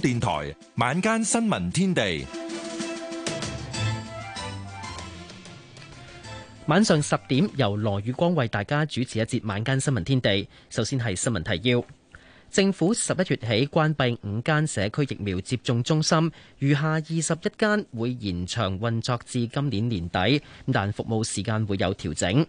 電台晚間新聞天地，晚上十點由羅宇光為大家主持一節晚間新聞天地。首先係新聞提要：政府十一月起關閉五間社區疫苗接種中心，餘下二十一間會延長運作至今年年底，但服務時間會有調整。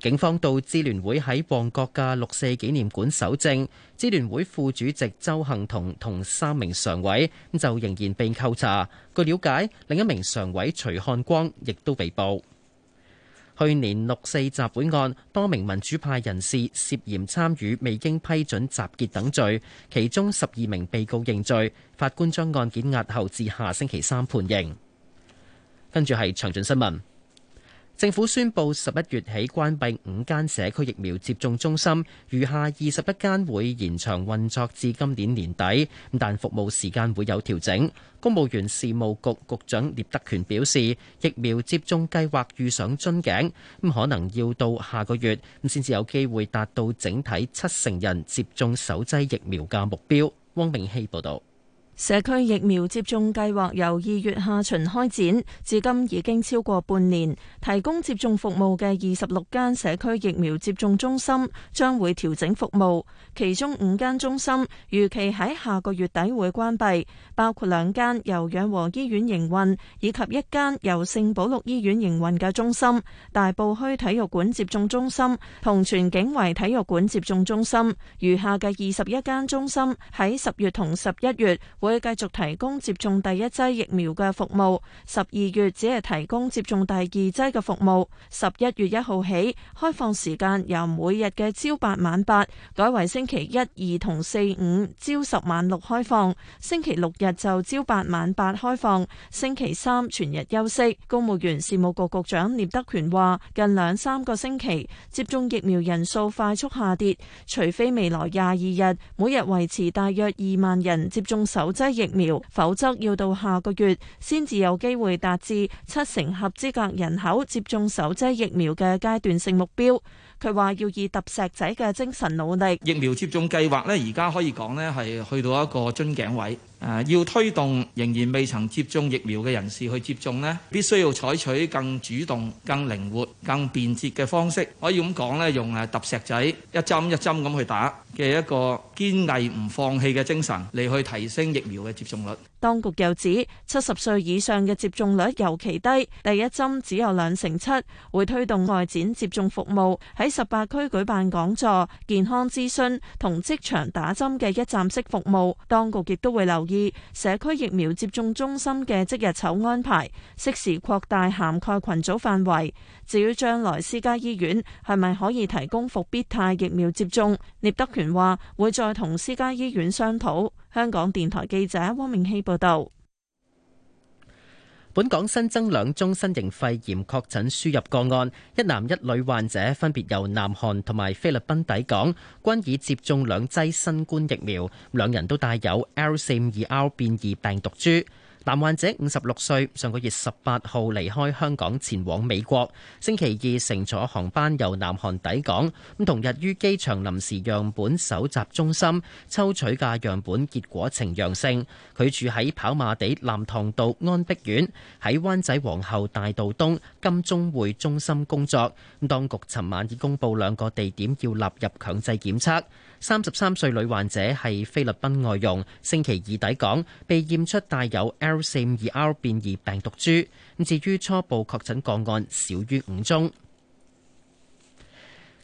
警方到支聯會喺旺角嘅六四紀念館搜證，支聯會副主席周幸彤同三名常委咁就仍然被扣查。據了解，另一名常委徐漢光亦都被捕。去年六四集會案，多名民主派人士涉嫌參與未經批准集結等罪，其中十二名被告認罪，法官將案件押後至下星期三判刑。跟住係詳盡新聞。政府宣布十一月起關閉五間社區疫苗接種中心，餘下二十一間會延長運作至今年年底，但服務時間會有調整。公務員事務局局長聶德權表示，疫苗接種計劃遇上樽頸，咁可能要到下個月咁先至有機會達到整體七成人接種首劑疫苗嘅目標。汪明希報道。社區疫苗接種計劃由二月下旬開展，至今已經超過半年。提供接種服務嘅二十六間社區疫苗接種中心將會調整服務，其中五間中心預期喺下個月底會關閉，包括兩間由養和醫院營運以及一間由聖保祿醫院營運嘅中心。大埔墟體育館接種中心同荃景圍體育館接種中心，餘下嘅二十一間中心喺十月同十一月會，會繼續提供接種第一劑疫苗嘅服務，十二月只係提供接種第二劑嘅服務。十一月一號起，開放時間由每日嘅朝八晚八改為星期一、二同四五朝十晚六開放，星期六日就朝八晚八開放，星期三全日休息。公務員事務局局局長聶德權話，近兩三個星期接種疫苗人數快速下跌，除非未來廿二日每日維持大約二萬人接種首。首劑疫苗，否則要到下個月先至有機會達至七成合資格人口接種首劑疫苗嘅階段性目標。佢話要以揼石仔嘅精神努力，疫苗接種計劃咧，而家可以講咧係去到一個樽頸位。誒、啊，要推動仍然未曾接種疫苗嘅人士去接種咧，必須要採取更主動、更靈活、更便捷嘅方式。可以咁講咧，用誒揼石仔一針一針咁去打嘅一個堅毅唔放棄嘅精神嚟去提升疫苗嘅接種率。當局又指，七十歲以上嘅接種率尤其低，第一針只有兩成七。會推動外展接種服務，喺十八區舉辦講座、健康諮詢同職場打針嘅一站式服務。當局亦都會留意社區疫苗接種中心嘅即日籌安排，適時擴大涵蓋群組範圍。至於將來私家醫院係咪可以提供復必泰疫苗接種，聶德權話會再同私家醫院商討。香港電台記者汪明熙報道，本港新增兩宗新型肺炎確診輸入個案，一男一女患者分別由南韓同埋菲律賓抵港，均已接種兩劑新冠疫苗，兩人都帶有 L 四五二 R 變異病毒株。男患者五十六歲，上個月十八號離開香港前往美國，星期二乘坐航班由南韓抵港。咁同日於機場臨時樣本搜集中心抽取嘅樣本結果呈陽性。佢住喺跑馬地南塘道安碧苑，喺灣仔皇后大道東金鐘匯中心工作。咁，當局尋晚已公布兩個地點要納入強制檢測。三十三歲女患者係菲律賓外佣，星期二抵港，被驗出帶有 L 四五二 R 變異病毒株。至於初步確診個案少於五宗，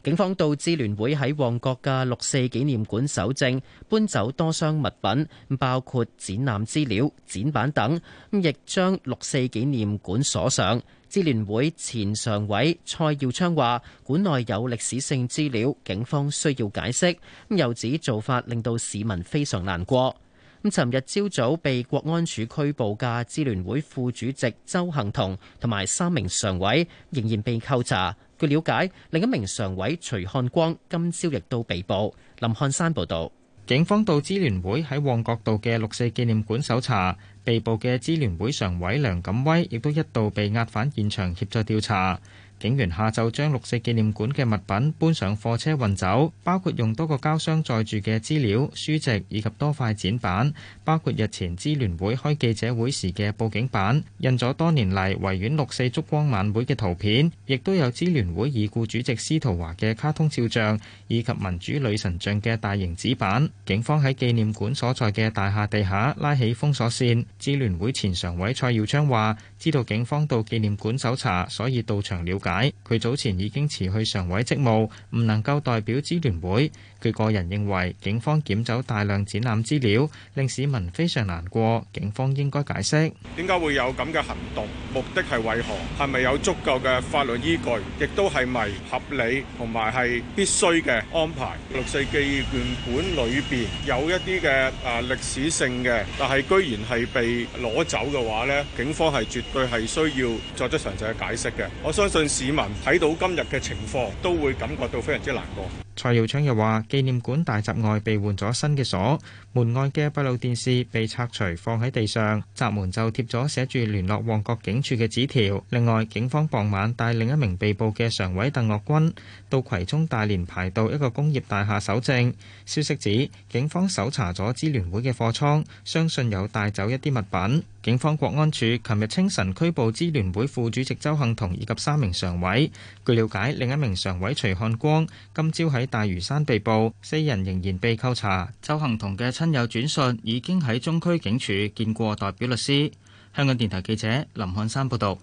警方到支聯會喺旺角嘅六四紀念館搜證，搬走多箱物品，包括展覽資料、展板等，亦將六四紀念館鎖上。支聯會前常委蔡耀昌話：館內有歷史性資料，警方需要解釋。咁又指做法令到市民非常難過。咁尋日朝早被國安處拘捕嘅支聯會副主席鄒幸彤同埋三名常委仍然被扣查。據了解，另一名常委徐漢光今朝亦都被捕。林漢山報導。警方到支聯會喺旺角道嘅六四紀念館搜查，被捕嘅支聯會常委梁錦威亦都一度被押返現場協助調查。警員下晝將六四紀念館嘅物品搬上貨車運走，包括用多個膠箱載住嘅資料書籍以及多塊展板，包括日前支聯會開記者會時嘅布景板，印咗多年嚟維園六四燭光晚會嘅圖片，亦都有支聯會已故主席司徒華嘅卡通肖像以及民主女神像嘅大型紙板。警方喺紀念館所在嘅大廈地下拉起封鎖線。支聯會前常委蔡耀昌話。知道警方到紀念館搜查，所以到場了解。佢早前已經辭去常委職務，唔能夠代表支聯會。佢個人認為，警方檢走大量展覽資料，令市民非常難過。警方應該解釋點解會有咁嘅行動，目的係為何，係咪有足夠嘅法律依據，亦都係咪合理同埋係必須嘅安排。六四紀念館裏邊有一啲嘅啊歷史性嘅，但係居然係被攞走嘅話呢，警方係絕對係需要作出詳細嘅解釋嘅。我相信市民睇到今日嘅情況，都會感覺到非常之難過。蔡耀昌又話紀念館大閘外被換咗新嘅鎖，門外嘅閉路電視被拆除放喺地上，閘門就貼咗寫住聯絡旺角警署嘅紙條。另外，警方傍晚帶另一名被捕嘅常委鄧嶽君到葵涌大連排道一個工業大廈搜證。消息指，警方搜查咗支聯會嘅貨倉，相信有帶走一啲物品。警方國安處琴日清晨拘捕支聯會副主席鄒幸彤以及三名常委。據了解，另一名常委徐漢光今朝喺大嶼山被捕，四人仍然被扣查。鄒幸彤嘅親友轉述，已經喺中區警署見過代表律師。香港電台記者林漢山報道。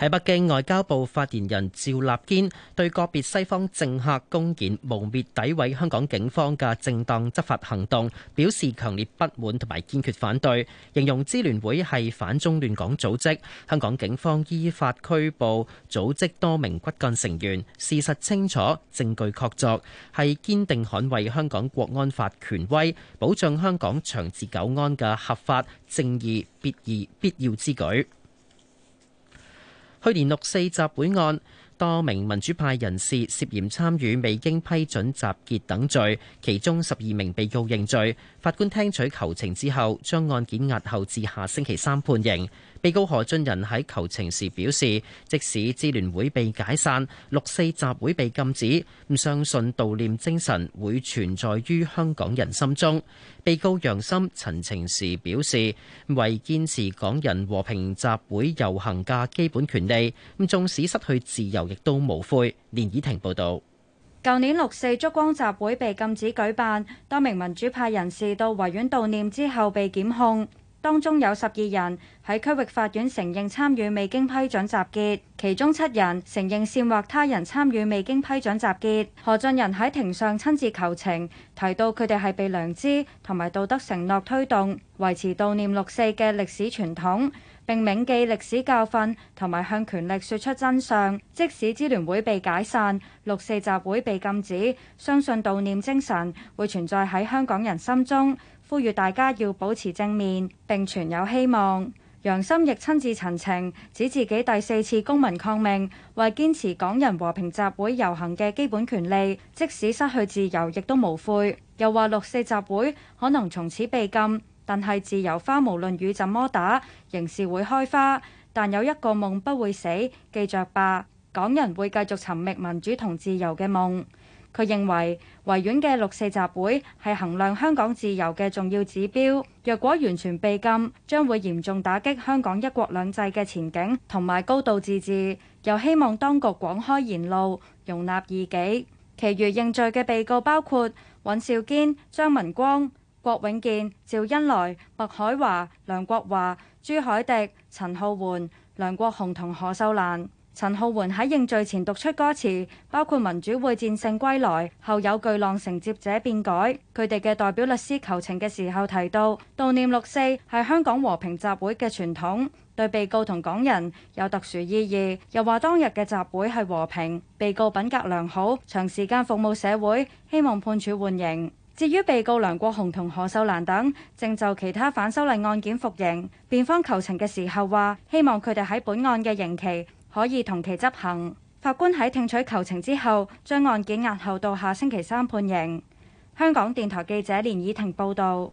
喺北京外交部發言人趙立堅對個別西方政客公然、誣衊、詆毀香港警方嘅正當執法行動表示強烈不滿同埋堅決反對，形容支聯會係反中亂港組織，香港警方依法拘捕組織多名骨幹成員事實清楚，證據確鑿，係堅定捍衛香港國安法權威、保障香港長治久安嘅合法、正義必而必要之舉。去年六四集會案，多名民主派人士涉嫌參與未經批准集結等罪，其中十二名被告認罪。法官聽取求情之後，將案件押後至下星期三判刑。被告何俊仁喺求情時表示，即使支聯會被解散，六四集會被禁止，唔相信悼念精神會存在於香港人心中。被告楊森陳情時表示，為堅持港人和平集會遊行嘅基本權利，咁縱使失去自由亦都無悔。連以婷報道，舊年六四燭光集會被禁止舉辦，多名民主派人士到維園悼念之後被檢控。當中有十二人喺區域法院承認參與未經批准集結，其中七人承認煽惑他人參與未經批准集結。何俊仁喺庭上親自求情，提到佢哋係被良知同埋道德承諾推動，維持悼念六四嘅歷史傳統，並銘記歷史教訓，同埋向權力説出真相。即使支聯會被解散，六四集會被禁止，相信悼念精神會存在喺香港人心中。呼籲大家要保持正面，並存有希望。楊森亦親自陳情，指自己第四次公民抗命，為堅持港人和平集會遊行嘅基本權利，即使失去自由，亦都無悔。又話六四集會可能從此被禁，但係自由花無論雨怎麼打，仍是會開花。但有一個夢不會死，記着吧，港人會繼續尋覓民主同自由嘅夢。佢認為維園嘅六四集會係衡量香港自由嘅重要指標，若果完全被禁，將會嚴重打擊香港一國兩制嘅前景同埋高度自治。又希望當局廣開言路，容納異己。其餘認罪嘅被告包括尹兆堅、張文光、郭永健、趙恩來、麥海華、梁國華、朱凱迪、陳浩桓、梁國雄同何秀蘭。陳浩桓喺認罪前讀出歌詞，包括民主會戰勝歸來後有巨浪承接者變改。佢哋嘅代表律師求情嘅時候提到，悼念六四係香港和平集會嘅傳統，對被告同港人有特殊意義。又話當日嘅集會係和平，被告品格良好，長時間服務社會，希望判處緩刑。至於被告梁國雄同何秀蘭等正就其他反修例案件服刑，辯方求情嘅時候話，希望佢哋喺本案嘅刑期。可以同期執行。法官喺聽取求情之後，將案件押後到下星期三判刑。香港電台記者連以婷報道。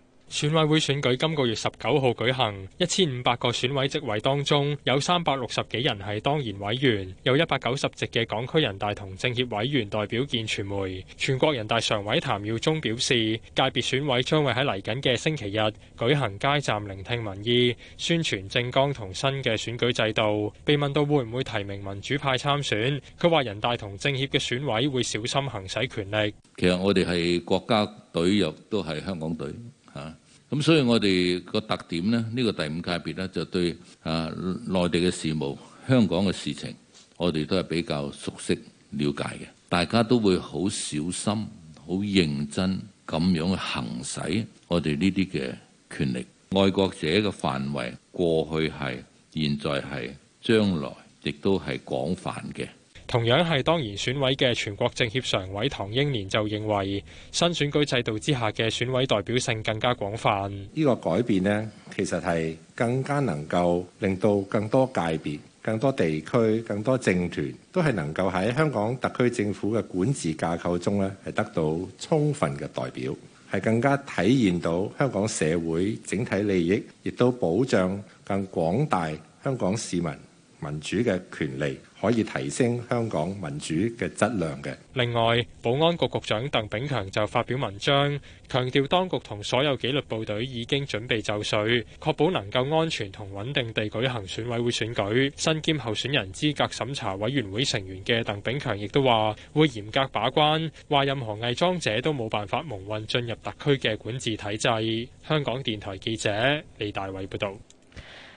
選委會選舉今個月十九號舉行，一千五百個選委職位當中，有三百六十幾人係當然委員，有一百九十席嘅港區人大同政協委員代表見傳媒。全國人大常委譚耀宗表示，界別選委將會喺嚟緊嘅星期日舉行街站聆聽民意，宣傳政綱同新嘅選舉制度。被問到會唔會提名民主派參選，佢話人大同政協嘅選委會小心行使權力。其實我哋係國家隊，又都係香港隊，吓、啊。咁所以我哋個特點咧，呢個第五界別咧，就對啊內地嘅事務香港嘅事情，我哋都係比較熟悉、了解嘅，大家都會好小心、好認真咁樣去行使我哋呢啲嘅權力。愛國者嘅範圍過去係現在係將來亦都係廣泛嘅。同樣係當然選委嘅全國政協常委唐英年就認為，新選舉制度之下嘅選委代表性更加廣泛。呢個改變呢，其實係更加能夠令到更多界別、更多地區、更多政團都係能夠喺香港特區政府嘅管治架構中咧，係得到充分嘅代表，係更加體現到香港社會整體利益，亦都保障更廣大香港市民民主嘅權利可以提升香港民主嘅質量嘅。另外，保安局局長鄧炳強就發表文章，強調當局同所有紀律部隊已經準備就緒，確保能夠安全同穩定地舉行選委會選舉。身兼候選人資格審查委員會成員嘅鄧炳強亦都話會嚴格把關，話任何偽裝者都冇辦法蒙混進入特區嘅管治體制。香港電台記者李大偉報導。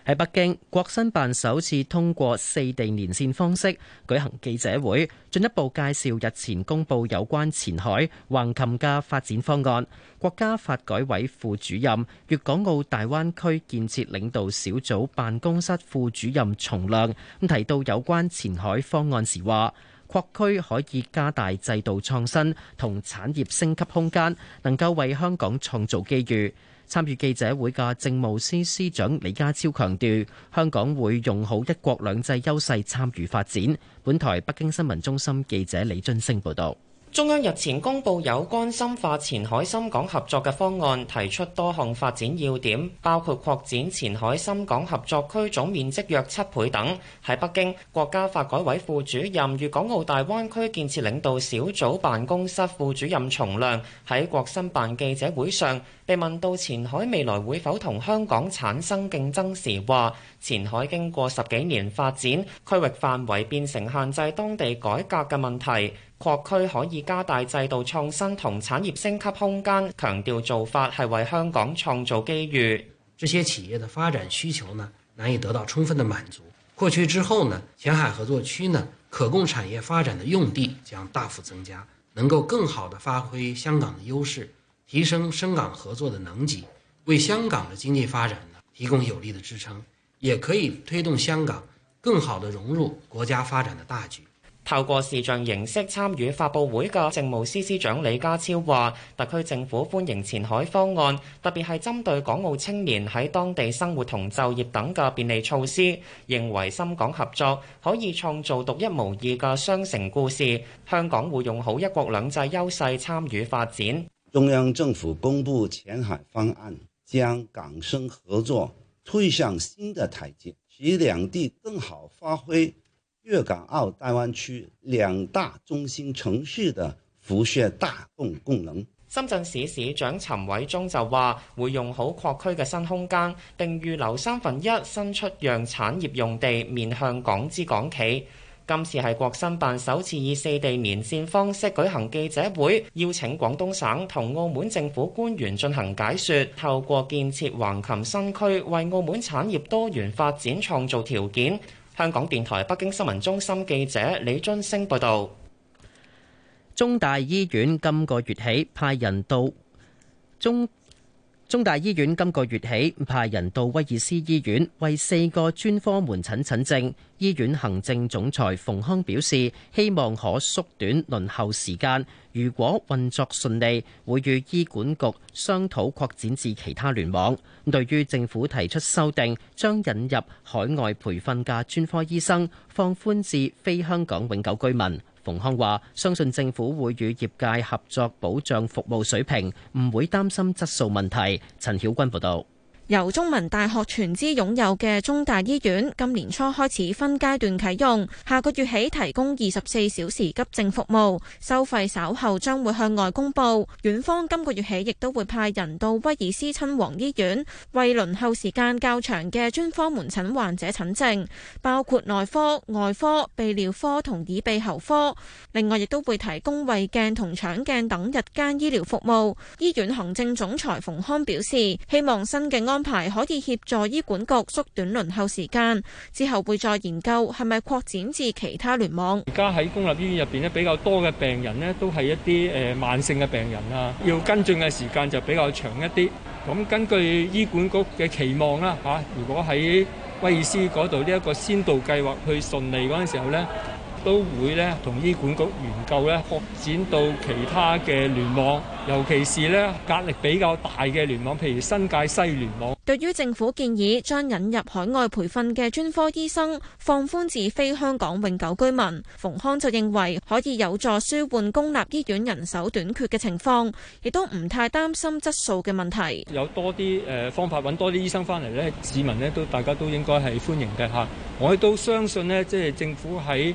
喺北京，國新辦首次通過四地連線方式舉行記者會，進一步介紹日前公佈有關前海橫琴嘅發展方案。國家發改委副主任、粵港澳大灣區建設領導小組辦公室副主任叢亮咁提到有關前海方案時話：擴區可以加大制度創新同產業升級空間，能夠為香港創造機遇。參與記者會嘅政務司司長李家超強調，香港會用好一國兩制優勢參與發展。本台北京新聞中心記者李津升報道。中央日前公布有關深化前海深港合作嘅方案，提出多項發展要點，包括擴展前海深港合作區總面積約七倍等。喺北京，國家發改委副主任粵港澳大灣區建設領導小組辦公室副主任叢亮喺國新辦記者會上被問到前海未來會否同香港產生競爭時，話前海經過十幾年發展，區域範圍變成限制當地改革嘅問題。擴區可以加大制度創新同產業升級空間，強調做法係為香港創造機遇。這些企業的發展需求呢，難以得到充分的滿足。擴區之後呢，前海合作區呢，可供產業發展的用地將大幅增加，能夠更好地發揮香港的優勢，提升深港合作的能級，為香港的經濟發展呢提供有力的支撐，也可以推動香港更好地融入國家發展的大局。透過視像形式參與發佈會嘅政務司司長李家超話，特區政府歡迎前海方案，特別係針對港澳青年喺當地生活同就業等嘅便利措施，認為深港合作可以創造獨一無二嘅雙城故事。香港會用好一國兩制優勢參與發展。中央政府公布前海方案，將港深合作推向新的台階，使兩地更好發揮。粵港澳大灣區兩大中心城市的輻射帶動功能。深圳市市長陳偉忠就話，會用好擴區嘅新空間，並預留三分一新出讓產業用地，面向港資港企。今次係國新辦首次以四地連線方式舉行記者會，邀請廣東省同澳門政府官員進行解說。透過建設橫琴新區，為澳門產業多元發展創造條件。香港電台北京新聞中心記者李津星報道：中大醫院今個月起派人到中。中大醫院今個月起派人到威爾斯醫院為四個專科門診診症。醫院行政總裁馮康表示，希望可縮短輪候時間。如果運作順利，會與醫管局商討擴展至其他聯網。對於政府提出修訂，將引入海外培訓嘅專科醫生，放寬至非香港永久居民。馮康話：相信政府會與業界合作，保障服務水平，唔會擔心質素問題。陳曉君報道。由中文大學全資擁有嘅中大醫院，今年初開始分階段啟用，下個月起提供二十四小時急症服務，收費稍後將會向外公布。院方今個月起亦都會派人到威爾斯親王醫院為輪候時間較長嘅專科門診患者診症，包括內科、外科、泌尿科同耳鼻喉科。另外，亦都會提供胃鏡同腸鏡等日間醫療服務。醫院行政總裁馮康表示，希望新嘅安安排可以協助醫管局縮短輪候時間，之後會再研究係咪擴展至其他聯網。而家喺公立醫院入邊呢比較多嘅病人呢都係一啲誒慢性嘅病人啊，要跟進嘅時間就比較長一啲。咁根據醫管局嘅期望啦，吓、啊，如果喺威爾斯嗰度呢一個先導計劃去順利嗰陣時候呢。都會咧同醫管局研究咧擴展到其他嘅聯網，尤其是咧壓力比較大嘅聯網，譬如新界西聯網。對於政府建議將引入海外培訓嘅專科醫生放寬至非香港永久居民，馮康就認為可以有助舒緩公立醫院人手短缺嘅情況，亦都唔太擔心質素嘅問題。有多啲誒方法揾多啲醫生翻嚟咧，市民咧都大家都應該係歡迎嘅嚇。我亦都相信呢，即係政府喺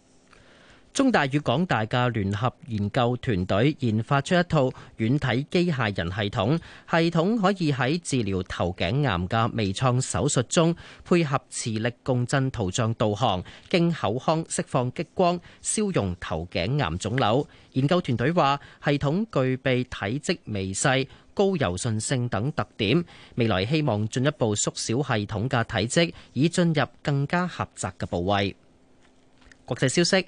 中大與港大嘅聯合研究團隊研發出一套軟體機械人系統，系統可以喺治療頭頸癌嘅微創手術中配合磁力共振圖像導航，經口腔釋放激光，消融頭頸癌腫瘤。研究團隊話，系統具備體積微細、高柔順性等特點，未來希望進一步縮小系統嘅體積，以進入更加狹窄嘅部位。國際消息。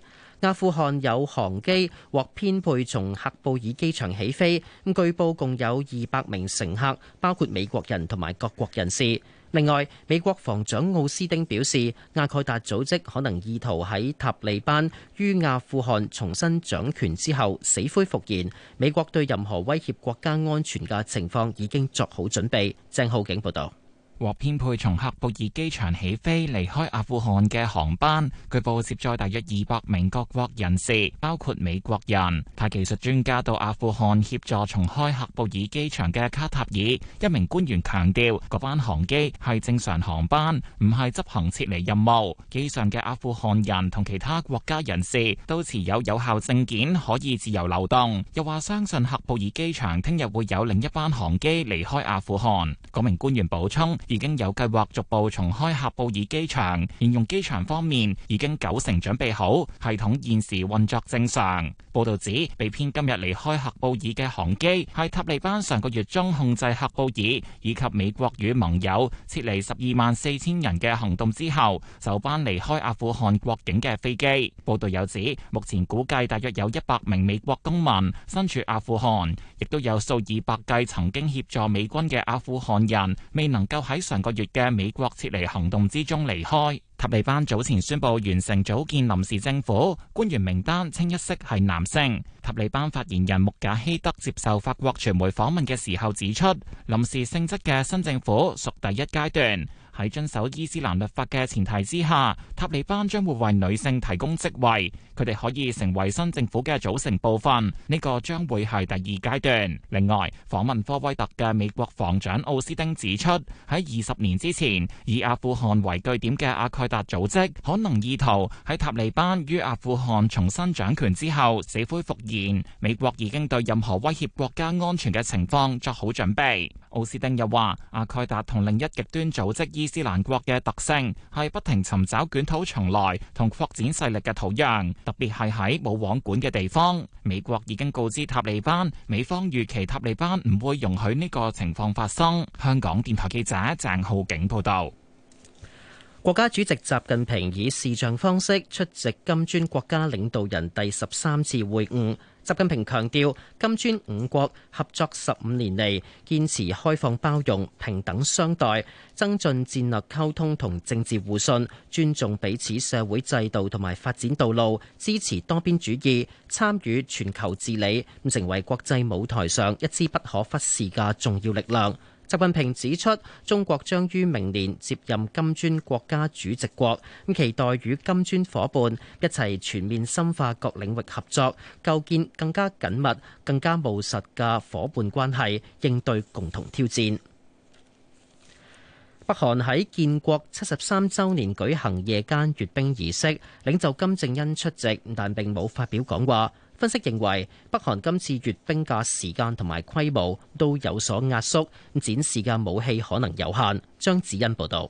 阿富汗有航機或編配從喀布爾機場起飛，咁據報共有二百名乘客，包括美國人同埋各國人士。另外，美國防長奧斯丁表示，阿蓋達組織可能意圖喺塔利班於阿富汗重新掌權之後死灰復燃。美國對任何威脅國家安全嘅情況已經作好準備。鄭浩景報道。獲編配從喀布爾機場起飛離開阿富汗嘅航班，據報接載接大約二百名各國人士，包括美國人。派技術專家到阿富汗協助重開喀布爾機場嘅卡塔爾，一名官員強調，嗰班航機係正常航班，唔係執行撤離任務。機上嘅阿富汗人同其他國家人士都持有有效證件，可以自由流動。又話相信喀布爾機場聽日會有另一班航機離開阿富汗，嗰名官員補充。已經有計劃逐步重開喀布爾機場，應用機場方面已經九成準備好，系統現時運作正常。報導指，被騙今日離開喀布爾嘅航機係塔利班上個月中控制喀布爾以及美國與盟友撤離十二萬四千人嘅行動之後，首班離開阿富汗國境嘅飛機。報導有指，目前估計大約有一百名美國公民身處阿富汗。亦都有數以百計曾經協助美軍嘅阿富汗人，未能夠喺上個月嘅美國撤離行動之中離開。塔利班早前宣布完成組建臨時政府，官員名單清一色係男性。塔利班發言人穆賈希德接受法國傳媒訪問嘅時候指出，臨時性質嘅新政府屬第一階段。喺遵守伊斯蘭律法嘅前提之下，塔利班將會為女性提供職位，佢哋可以成為新政府嘅組成部分。呢個將會係第二階段。另外，訪問科威特嘅美國防長奧斯丁指出，喺二十年之前，以阿富汗為據點嘅阿蓋達組織可能意圖喺塔利班於阿富汗重新掌權之後死灰復燃。美國已經對任何威脅國家安全嘅情況作好準備。奧斯丁又話阿蓋達同另一極端組織。伊斯蘭國嘅特性係不停尋找捲土重來同擴展勢力嘅土壤，特別係喺冇王管嘅地方。美國已經告知塔利班，美方預期塔利班唔會容許呢個情況發生。香港電台記者鄭浩景報道。國家主席習近平以視像方式出席金磚國家領導人第十三次會晤。習近平強調，金磚五國合作十五年嚟，堅持開放包容、平等相待，增進戰略溝通同政治互信，尊重彼此社會制度同埋發展道路，支持多邊主義，參與全球治理，成為國際舞台上一支不可忽視嘅重要力量。習近平指出，中國將於明年接任金磚國家主席國，期待與金磚伙伴一齊全面深化各領域合作，構建更加緊密、更加務實嘅伙伴關係，應對共同挑戰。北韓喺建國七十三週年舉行夜間閱兵儀式，領袖金正恩出席，但並冇發表講話。分析認為，北韓今次閱兵嘅時間同埋規模都有所壓縮，展示嘅武器可能有限。張子欣報導。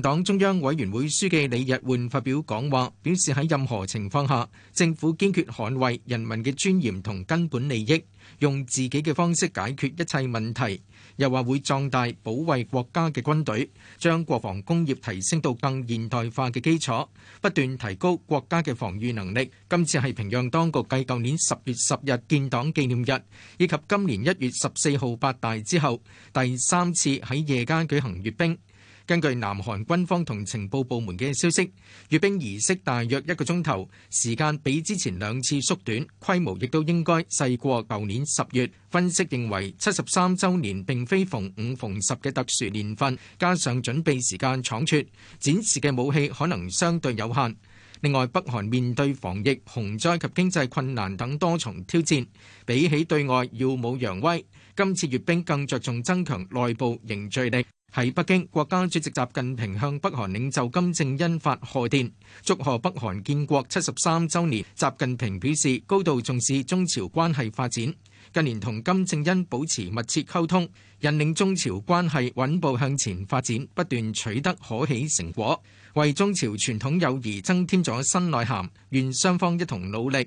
黨中央委員會書記李日煥發表講話，表示喺任何情況下，政府堅決捍衛人民嘅尊嚴同根本利益，用自己嘅方式解決一切問題。又話會壯大保衛國家嘅軍隊，將國防工業提升到更現代化嘅基礎，不斷提高國家嘅防禦能力。今次係平壤當局繼舊年十月十日建黨紀念日以及今年一月十四號八大之後第三次喺夜間舉行閱兵。根據南韓軍方同情報部門嘅消息，閱兵儀式大約一個鐘頭時間，比之前兩次縮短，規模亦都應該細過舊年十月。分析認為，七十三週年並非逢五逢十嘅特殊年份，加上準備時間倉促，展示嘅武器可能相對有限。另外，北韓面對防疫、洪災及經濟困難等多重挑戰，比起對外耀武揚威，今次閱兵更着重增強內部凝聚力。喺北京，國家主席習近平向北韓領袖金正恩發賀電，祝賀北韓建國七十三周年。習近平表示，高度重視中朝關係發展，近年同金正恩保持密切溝通，引領中朝關係穩步向前發展，不斷取得可喜成果，為中朝傳統友誼增添咗新內涵。願雙方一同努力，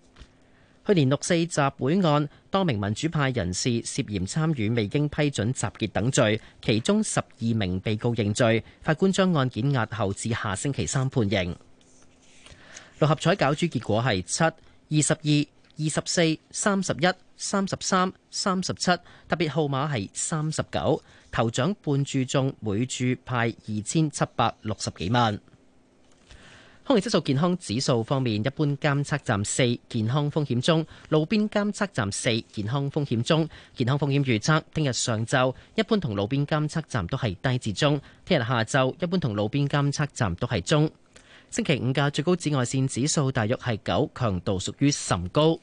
去年六四集會案，多名民主派人士涉嫌參與未經批准集結等罪，其中十二名被告認罪，法官將案件押後至下星期三判刑。六合彩攪珠結果係七、二十二、二十四、三十一、三十三、三十七，特別號碼係三十九。頭獎半注中，每注派二千七百六十幾萬。空氣質素健康指數方面，一般監測站四健康風險中，路邊監測站四健康風險中，健康風險預測聽日上晝一般同路邊監測站都係低至中，聽日下晝一般同路邊監測站都係中。星期五嘅最高紫外線指數大約係九，強度屬於甚高。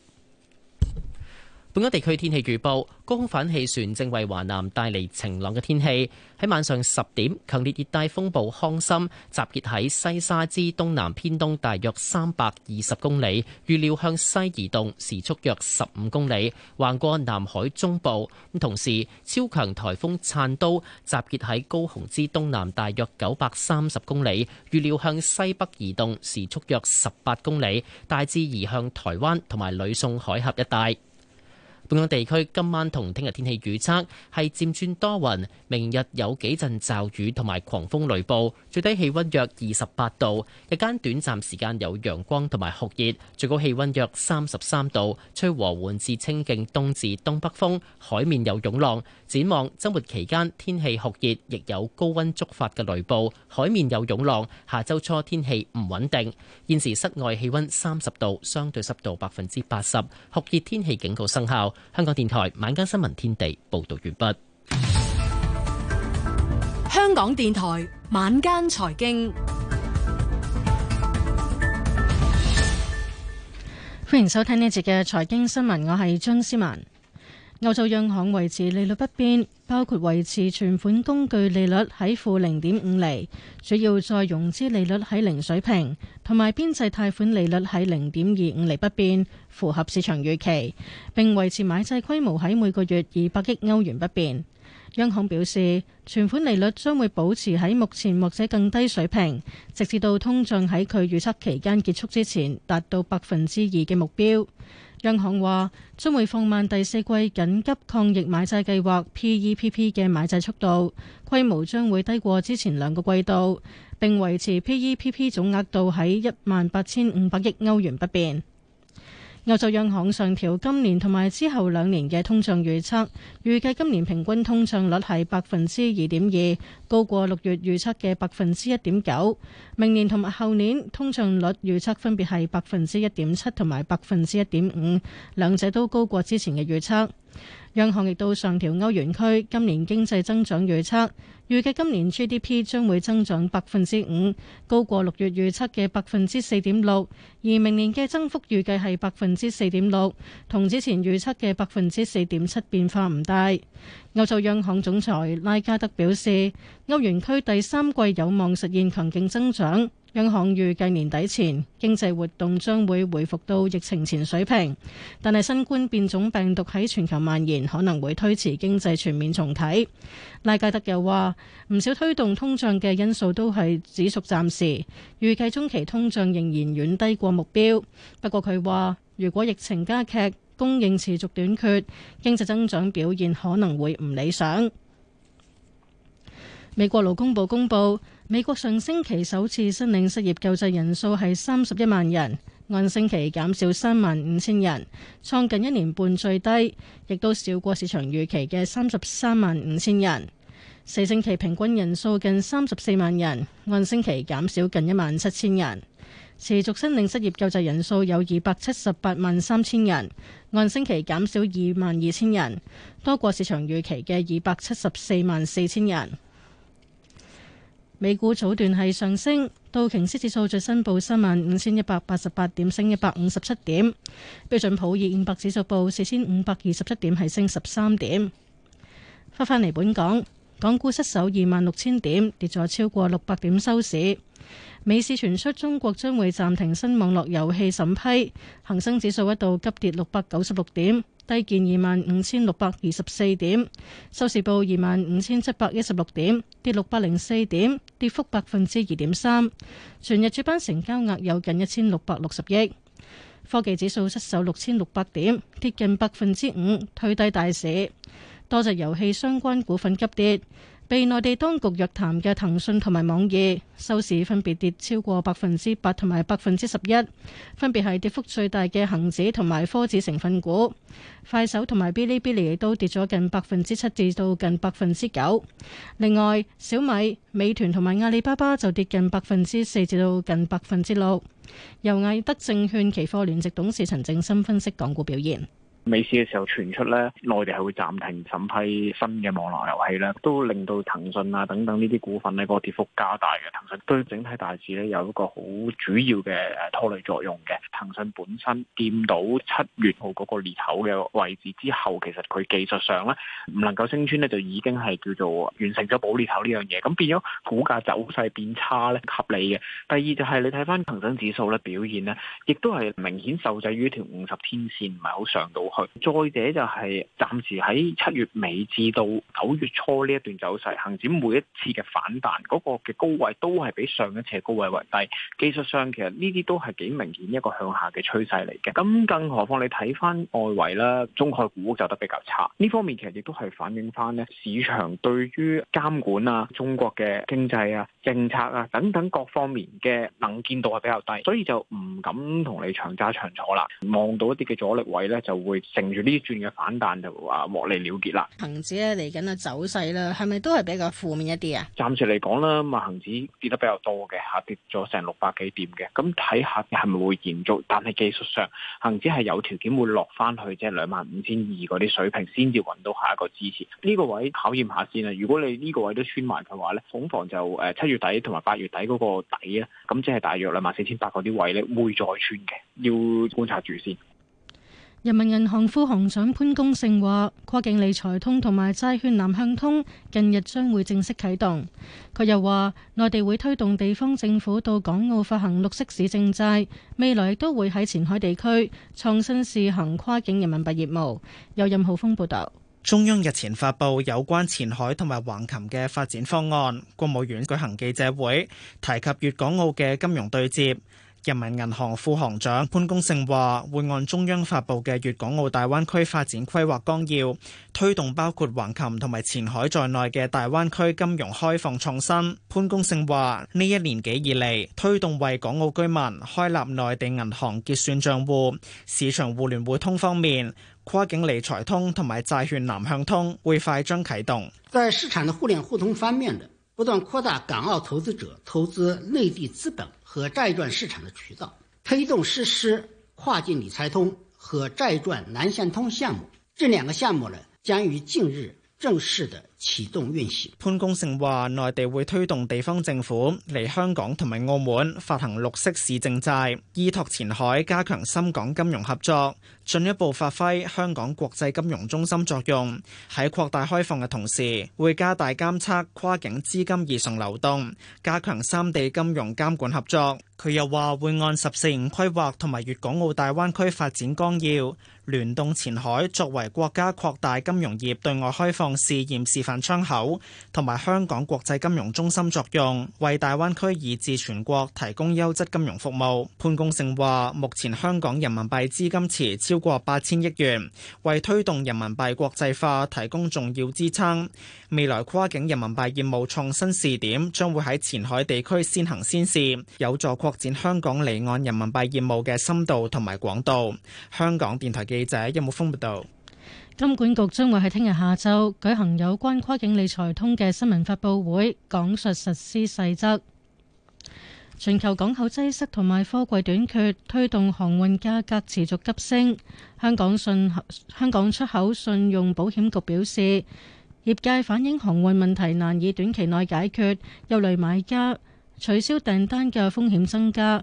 本港地區天氣預報：高空反氣旋正為華南帶嚟晴朗嘅天氣。喺晚上十點，強烈熱帶風暴康森集結喺西沙之東南偏東大約三百二十公里，預料向西移動，時速約十五公里，橫過南海中部。同時，超強颱風燦都集結喺高雄之東南大約九百三十公里，預料向西北移動，時速約十八公里，大致移向台灣同埋呂宋海峽一帶。本港地，地區今晚同聽日天氣預測係漸轉多雲，明日有幾陣驟雨同埋狂風雷暴，最低氣温約二十八度，日間短暫時間有陽光同埋酷熱，最高氣温約三十三度，吹和緩至清勁東至東北風，海面有湧浪。展望周末期間天氣酷熱，亦有高温觸發嘅雷暴，海面有湧浪。下周初天氣唔穩定。現時室外氣温三十度，相對濕度百分之八十，酷熱天氣警告生效。香港電台晚間新聞天地報道完畢。香港電台晚間財經，歡迎收聽呢節嘅財經新聞，我係張思文。歐洲央行維持利率不變，包括維持存款工具利率喺負0.5厘，主要再融資利率喺零水平，同埋邊際貸款利率喺0.25厘不變，符合市場預期，並維持買債規模喺每個月二百億歐元不變。央行表示，存款利率將會保持喺目前或者更低水平，直至到通脹喺佢預測期間結束之前達到百分之二嘅目標。央行話將會放慢第四季緊急抗疫買債計劃 （PEPP） 嘅買債速度，規模將會低過之前兩個季度，並維持 PEPP 總額度喺一萬八千五百億歐元不變。歐洲央行上調今年同埋之後兩年嘅通脹預測，預計今年平均通脹率係百分之二點二，高過六月預測嘅百分之一點九。明年同埋後年通脹率預測分別係百分之一點七同埋百分之一點五，兩者都高過之前嘅預測。央行亦都上調歐元區今年經濟增長預測，預計今年 GDP 將會增長百分之五，高過六月預測嘅百分之四點六，而明年嘅增幅預計係百分之四點六，同之前預測嘅百分之四點七變化唔大。歐洲央行總裁拉加德表示，歐元區第三季有望實現強勁增長。央行預計年底前經濟活動將會恢復到疫情前水平，但係新冠變種病毒喺全球蔓延，可能會推遲經濟全面重啟。拉加德又話，唔少推動通脹嘅因素都係只屬暫時，預計中期通脹仍然遠低過目標。不過佢話，如果疫情加劇，供應持續短缺，經濟增長表現可能會唔理想。美國勞工部公佈。美國上星期首次申領失業救濟人數係三十一萬人，按星期減少三萬五千人，創近一年半最低，亦都少過市場預期嘅三十三萬五千人。四星期平均人數近三十四萬人，按星期減少近一萬七千人。持續申領失業救濟人數有二百七十八萬三千人，按星期減少二萬二千人，多過市場預期嘅二百七十四萬四千人。美股早段係上升，道瓊斯指數最新報三萬五千一百八十八點，升一百五十七點。標準普爾五百指數報四千五百二十七點，係升十三點。翻返嚟，本港港股失守二萬六千點，跌咗超過六百點收市。美市傳出中國將會暫停新網絡遊戲審批，恒生指數一度急跌六百九十六點，低見二萬五千六百二十四點，收市報二萬五千七百一十六點，跌六百零四點。跌幅百分之二點三，全日主板成交額有近一千六百六十億。科技指數失守六千六百點，跌近百分之五，退低大市。多隻遊戲相關股份急跌。被內地當局約談嘅騰訊同埋網易收市分別跌超過百分之八同埋百分之十一，分別係跌幅最大嘅恒指同埋科指成分股。快手同埋 Bilibili 都跌咗近百分之七至到近百分之九。另外，小米、美團同埋阿里巴巴就跌近百分之四至到近百分之六。由艾德證券期貨聯席董事陳正新分析港股表現。美市嘅時候傳出咧，內地係會暫停審批新嘅網絡遊戲咧，都令到騰訊啊等等呢啲股份呢個跌幅加大嘅。騰訊對整體大市咧有一個好主要嘅誒拖累作用嘅。騰訊本身掂到七月號嗰個裂口嘅位置之後，其實佢技術上咧唔能夠升穿咧，就已經係叫做完成咗補裂口呢樣嘢。咁變咗股價走勢變差咧，合理嘅。第二就係你睇翻恆生指數咧表現咧，亦都係明顯受制於條五十天線唔係好上到再者就係暫時喺七月尾至到九月初呢一段走勢，恆指每一次嘅反彈，嗰個嘅高位都係比上一次嘅高位為低。技術上其實呢啲都係幾明顯一個向下嘅趨勢嚟嘅。咁更何況你睇翻外圍啦，中概股走得比較差。呢方面其實亦都係反映翻呢市場對於監管啊、中國嘅經濟啊、政策啊等等各方面嘅能見度係比較低，所以就唔敢同你長揸長坐啦。望到一啲嘅阻力位呢，就會。乘住呢一轉嘅反彈就話獲利了結啦。恒指咧嚟緊嘅走勢咧，係咪都係比較負面一啲啊？暫時嚟講啦，咁啊恆指跌得比較多嘅，下跌咗成六百幾點嘅。咁睇下係咪會延續？但係技術上，恒指係有條件會落翻去即係兩萬五千二嗰啲水平先至揾到下一個支持。呢個位考驗下先啦。如果你呢個位都穿埋嘅話咧，恐防就誒七月底同埋八月底嗰個底啊，咁即係大約兩萬四千八嗰啲位咧會再穿嘅，要觀察住先。人民銀行副行長潘功勝話，跨境理財通同埋債券南向通近日將會正式啟動。佢又話，內地會推動地方政府到港澳發行綠色市政債，未來都會喺前海地區創新試行跨境人民幣業務。有任浩峰報道。中央日前發布有關前海同埋橫琴嘅發展方案，國務院舉行記者會，提及粵港澳嘅金融對接。人民銀行副行長潘功勝話：會按中央發布嘅《粵港澳大灣區發展規劃綱要》，推動包括橫琴同埋前海在內嘅大灣區金融開放創新。潘功勝話：呢一年幾以嚟，推動為港澳居民開立內地銀行結算賬戶。市場互聯互通方面，跨境理財通同埋債券南向通會快將啟動。在市場的互聯互通方面，不斷擴大港澳投資者投資內地資本。和債券市場的渠道，推動實施跨境理財通和債券南向通項目。這兩個項目呢，將於近日正式的啟動運行。潘功勝話：內地會推動地方政府嚟香港同埋澳門發行綠色市政債，依託前海加強深港金融合作，進一步發揮香港國際金融中心作用。喺擴大開放嘅同時，會加大監測跨境資金異常流動，加強三地金融監管合作。佢又話會按十四五規劃同埋粵港澳大灣區發展綱要，聯動前海作為國家擴大金融業對外開放試驗示範。窗口同埋香港國際金融中心作用，為大灣區以至全國提供優質金融服務。潘功勝話：目前香港人民幣資金池超過八千億元，為推動人民幣國際化提供重要支撐。未來跨境人民幣業務創新試點將會喺前海地區先行先試，有助擴展香港離岸人民幣業務嘅深度同埋廣度。香港電台記者任木峰報道。金管局將會喺聽日下晝舉行有關跨境理財通嘅新聞發佈會，講述實施細則。全球港口擠塞同埋貨櫃短缺，推動航運價格持續急升。香港信香港出口信用保險局表示，業界反映航運問題難以短期內解決，又嚟買家取消訂單嘅風險增加。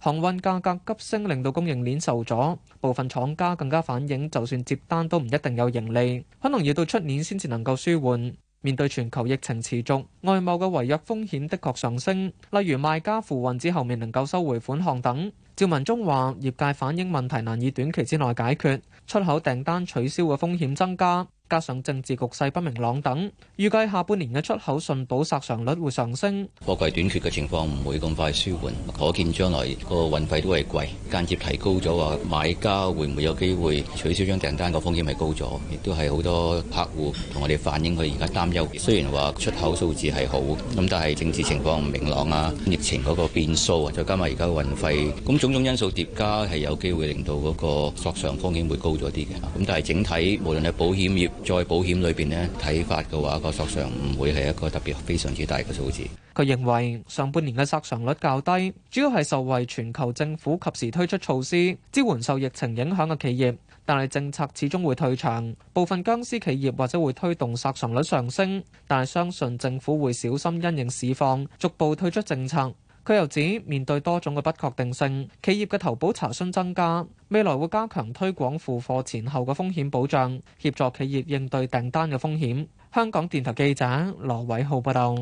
航運價格急升，令到供應鏈受阻，部分廠家更加反映，就算接單都唔一定有盈利，可能要到出年先至能夠舒緩。面對全球疫情持續，外貿嘅違約風險的確上升，例如賣家付運之後未能夠收回款項等。趙文忠話：業界反映問題難以短期之內解決，出口訂單取消嘅風險增加。加上政治局勢不明朗等，預計下半年嘅出口信保索償率會上升。貨櫃短缺嘅情況唔會咁快舒緩，可見將來個運費都係貴，間接提高咗，話買家會唔會有機會取消張訂單個風險係高咗，亦都係好多客戶同我哋反映佢而家擔憂，雖然話出口數字係好，咁但係政治情況唔明朗啊，疫情嗰個變數啊，再加埋而家運費咁，種種因素疊加係有機會令到嗰個索償風險會高咗啲嘅。咁但係整體無論係保險業。在保險裏邊呢，睇法嘅話，個索償唔會係一個特別非常之大嘅數字。佢認為上半年嘅索償率較低，主要係受惠全球政府及時推出措施支援受疫情影響嘅企業，但係政策始終會退場，部分僵屍企業或者會推動索償率上升，但係相信政府會小心因應市況，逐步退出政策。佢又指，面對多種嘅不確定性，企業嘅投保查詢增加，未來會加強推廣付貨前後嘅風險保障，協助企業應對訂單嘅風險。香港電台記者羅偉浩報道。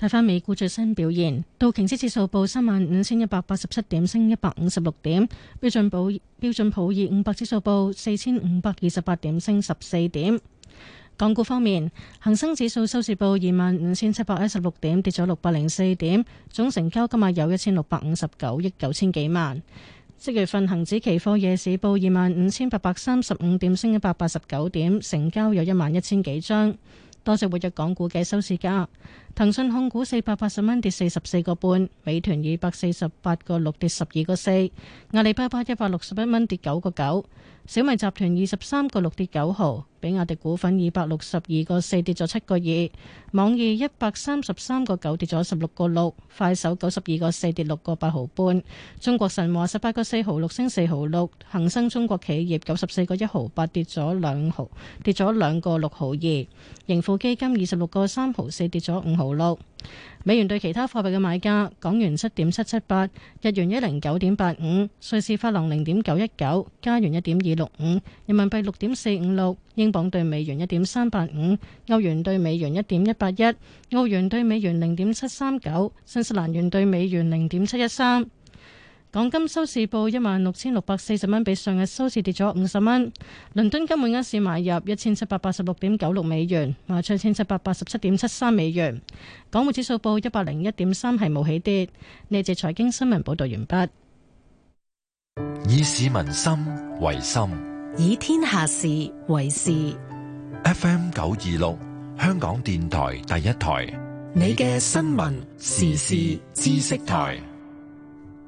睇翻美股最新表現，道瓊斯指數報三萬五千一百八十七點，升一百五十六點；標準普標準普爾五百指數報四千五百二十八點，升十四點。港股方面，恒生指數收市報二萬五千七百一十六點，跌咗六百零四點，總成交今日有一千六百五十九億九千幾萬。即月份恒指期貨夜市報二萬五千八百三十五點，升一百八十九點，成交有一萬一千幾張。多謝活躍港股嘅收市價。騰訊控股四百八十蚊，跌四十四個半；美團二百四十八個六，跌十二個四；阿里巴巴一百六十一蚊，跌九個九；小米集團二十三個六，跌九毫；比亞迪股份二百六十二個四，跌咗七個二；網易一百三十三個九，跌咗十六個六；快手九十二個四，跌六個八毫半；中國神華十八個四毫六，升四毫六；恒生中國企業九十四個一毫八，跌咗兩毫，跌咗兩個六毫二；盈富基金二十六個三毫四，跌咗五毫。無美元兌其他貨幣嘅買價：港元七點七七八，日元一零九點八五，瑞士法郎零點九一九，加元一點二六五，人民幣六點四五六，英鎊對美元一點三八五，歐元對美元一點一八一，澳元對美元零點七三九，新西蘭元對美元零點七一三。港金收市報一萬六千六百四十蚊，比上日收市跌咗五十蚊。倫敦金每盎司買入一千七百八十六點九六美元，賣出一千七百八十七點七三美元。港匯指數報一百零一點三，係冇起跌。呢節財經新聞報道完畢。以市民心為心，以天下事為事。F M 九二六，香港電台第一台，你嘅新聞時事知識台。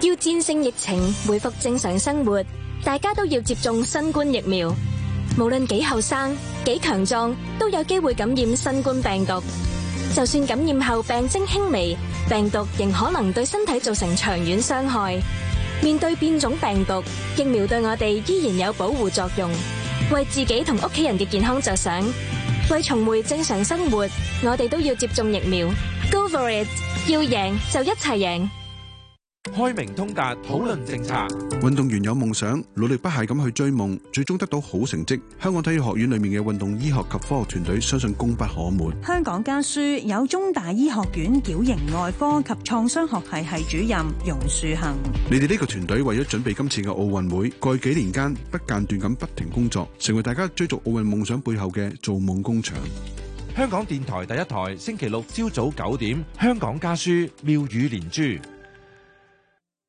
要戰勝疫情，回復正常生活，大家都要接種新冠疫苗。無論幾後生、幾強壯，都有機會感染新冠病毒。就算感染後病徵輕微，病毒仍可能對身體造成長遠傷害。面對變種病毒，疫苗對我哋依然有保護作用。為自己同屋企人嘅健康着想，為重回正常生活，我哋都要接種疫苗。Go for it！要贏就一齊贏。開明通達討論政策。運動員有夢想，努力不懈咁去追夢，最終得到好成績。香港體育學院裏面嘅運動醫學及科學團隊，相信功不可沒。香港家書有中大醫學院矯形外科及創傷學系系主任容樹恆。你哋呢個團隊為咗準備今次嘅奧運會，過去幾年間不間斷咁不停工作，成為大家追逐奧運夢想背後嘅造夢工場。香港電台第一台星期六朝早九點，香港家書妙語連珠。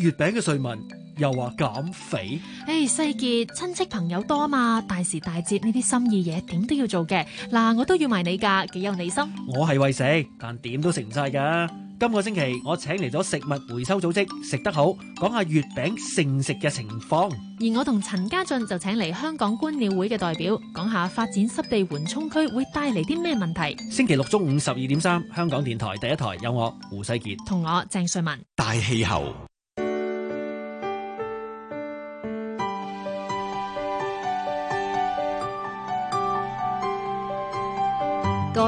月餅嘅瑞文又話減肥，誒、hey，世傑親戚朋友多嘛，大時大節呢啲心意嘢點都要做嘅。嗱，我都預埋你噶，幾有你心。我係為食，但點都食唔晒噶。今個星期我請嚟咗食物回收組織，食得好，講下月餅剩食嘅情況。而我同陳家俊就請嚟香港觀鳥會嘅代表，講下發展濕地緩衝區會帶嚟啲咩問題。星期六中午十二點三，香港電台第一台有我胡世傑同我鄭瑞文，大氣候。